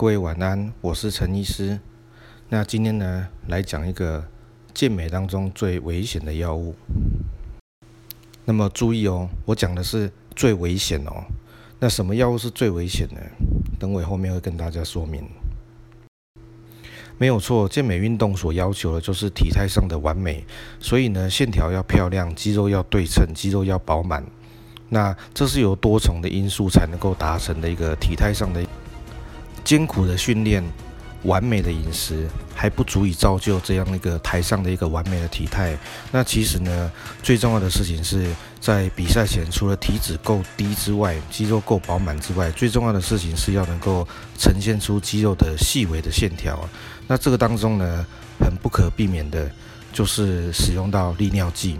各位晚安，我是陳醫師。那今天呢，來講一個健美當中最危險的藥物。那麼注意哦，我講的是最危險哦。那什麼藥物是最危險的？等我後面會跟大家說明。沒有錯，健美運動所要求的就是體態上的完美，所以呢，線條要漂亮，肌肉要對稱，肌肉要飽滿。那這是有多重的因素才能夠達成的一個體態上的。艱苦的訓練、完美的飲食還不足以造就這樣一個台上的一個完美的體態。那其實呢，最重要的事情是在比賽前，除了體脂夠低之外，肌肉夠飽滿之外，最重要的事情是要能夠呈現出肌肉的細微的線條。那這個當中呢，很不可避免的就是使用到利尿劑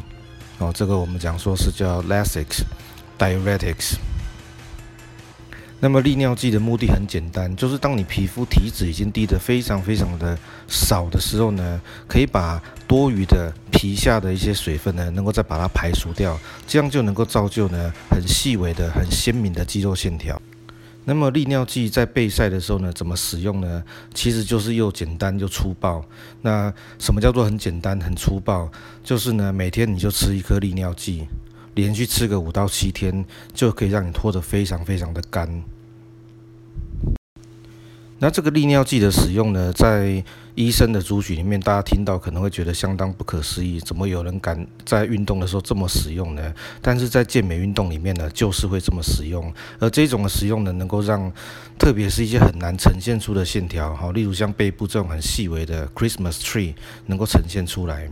哦。這個我們講說是叫 Lasix, diuretics。那麼利尿劑的目的很簡單，就是當你皮膚體脂已經低得非常非常的少的時候呢，可以把多餘的皮下的一些水分呢，能夠再把它排除掉，這樣就能夠造就呢很細微的、很鮮明的肌肉線條。那麼利尿劑在備賽的時候呢，怎麼使用呢？其實就是又簡單又粗暴。那什麼叫做很簡單、很粗暴？就是呢，每天你就吃一顆利尿劑。連續吃個五到七天，就可以讓你脫得非常非常的乾。那這個利尿劑的使用呢，在醫生的族群裡面，大家聽到可能會覺得相當不可思議，怎麼有人敢在運動的時候這麼使用呢？但是在健美運動裡面呢，就是會這麼使用。而這種的使用呢，能夠讓，特別是一些很難呈現出的線條，好例如像背部這種很細微的 Christmas tree，能夠呈現出來。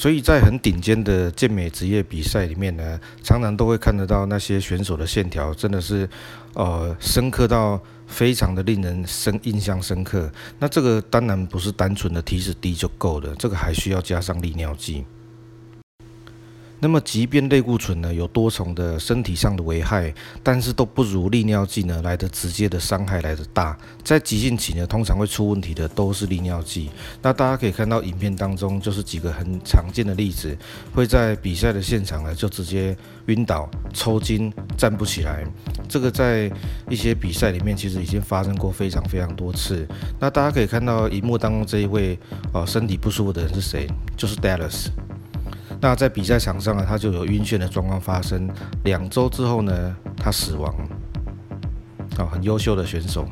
所以在很頂尖的健美職業比賽裡面呢，常常都會看得到那些選手的線條真的是，呃，深刻到非常的令人深印象深刻。那這個當然不是單純的體脂低就夠了，這個還需要加上利尿劑。那麼，即便類固醇呢有多重的身體上的危害，但是都不如利尿劑呢來的直接的傷害來的大。在急性期呢，通常會出問題的都是利尿劑。那大家可以看到影片當中，就是幾個很常見的例子，會在比賽的現場呢就直接暈倒、抽筋、站不起來。這個在一些比賽裡面其實已經發生過非常非常多次。那大家可以看到熒幕當中這一位哦、呃、身體不舒服的人是誰？就是 Dallas。那在比賽場上啊，他就有暈眩的狀況發生。兩周之後呢，他死亡。好，很優秀的選手。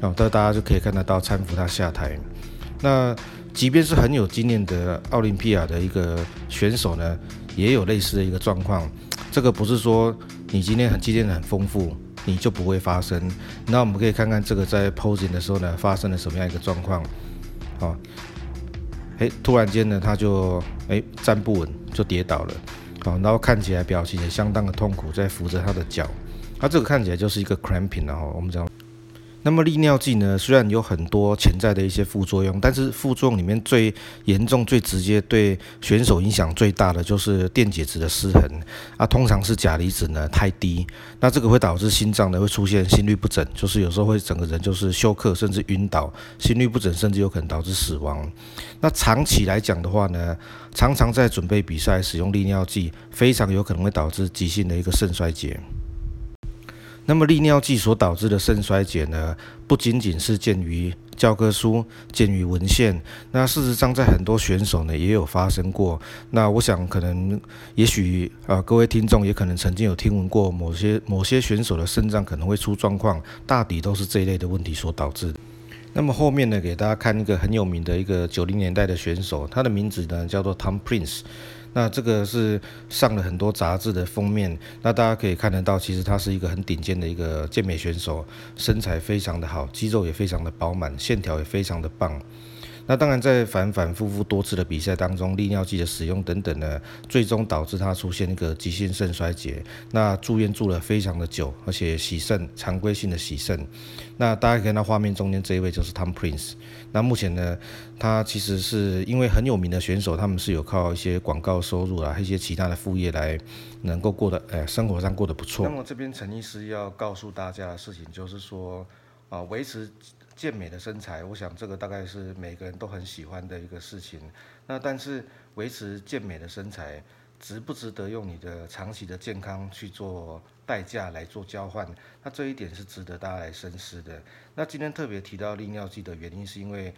好，大家就可以看得到攙扶他下台。那即便是很有經驗的奧林匹亞的一個選手呢，也有類似的一個狀況。這個不是說你今天很經驗很豐富，你就不會發生。那我們可以看看這個在 posing 的時候呢，發生了什麼樣一個狀況？好。哎，突然間呢，他就哎站不穩，就跌倒了，好，哦，然後看起來表情也相當的痛苦，在扶着他的腳，他，啊、這個看起來就是一個 cramping 了，哦、我們講。那麼利尿劑呢，雖然有很多潛在的一些副作用，但是副作用裡面最嚴重、最直接對選手影響最大的就是電解質的失衡啊，通常是鉀離子呢太低，那這個會導致心臟呢會出現心律不整，就是有時候會整個人就是休克，甚至暈倒，心律不整，甚至有可能導致死亡。那長期來講的話呢，常常在準備比賽使用利尿劑，非常有可能會導致急性的一個腎衰竭。那麼利尿劑所導致的腎衰竭呢，不僅僅是見於教科書、見於文獻，那事實上在很多選手呢也有發生過。那我想可能也，也許啊各位聽眾也可能曾經有聽聞過某些某些選手的腎臟可能會出狀況，大抵都是這一類的問題所導致。那麼後面呢，給大家看一個很有名的一個九零年代的選手，他的名字呢叫做 Tom Prince。那這個是上了很多雜誌的封面，那大家可以看得到，其實他是一個很頂尖的一個健美選手，身材非常的好，肌肉也非常的飽滿，線條也非常的棒。那當然，在反反复覆多次的比賽當中，利尿劑的使用等等呢，最終導致他出現一個急性腎衰竭。那住院住了非常的久，而且洗腎，常規性的洗腎。那大家可以看到畫面中間這一位就是 Tom Prince。那目前呢，他其實是因為很有名的選手，他們是有靠一些廣告收入啊，一些其他的副業來能夠過得，哎，生活上過得不錯。那麼這邊陳醫師要告訴大家的事情就是說。啊，維持健美的身材，我想這個大概是每個人都很喜歡的一個事情。那但是維持健美的身材，值不值得用你的長期的健康去做代價來做交換？那這一點是值得大家來深思的。那今天特別提到利尿劑的原因，是因為，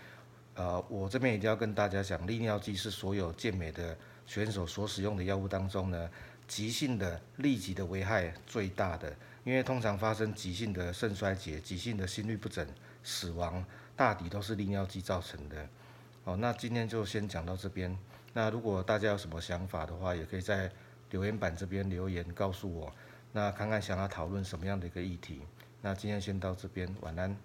呃，我這邊一定要跟大家講，利尿劑是所有健美的選手所使用的藥物當中呢。急性的立即的危害最大的，因為通常發生急性的腎衰竭、急性的心律不整、死亡，大抵都是利尿劑造成的。好、哦，那今天就先講到這邊。那如果大家有什麼想法的話，也可以在留言板這邊留言告訴我。那看看想要討論什麼樣的一個議題。那今天先到這邊，晚安。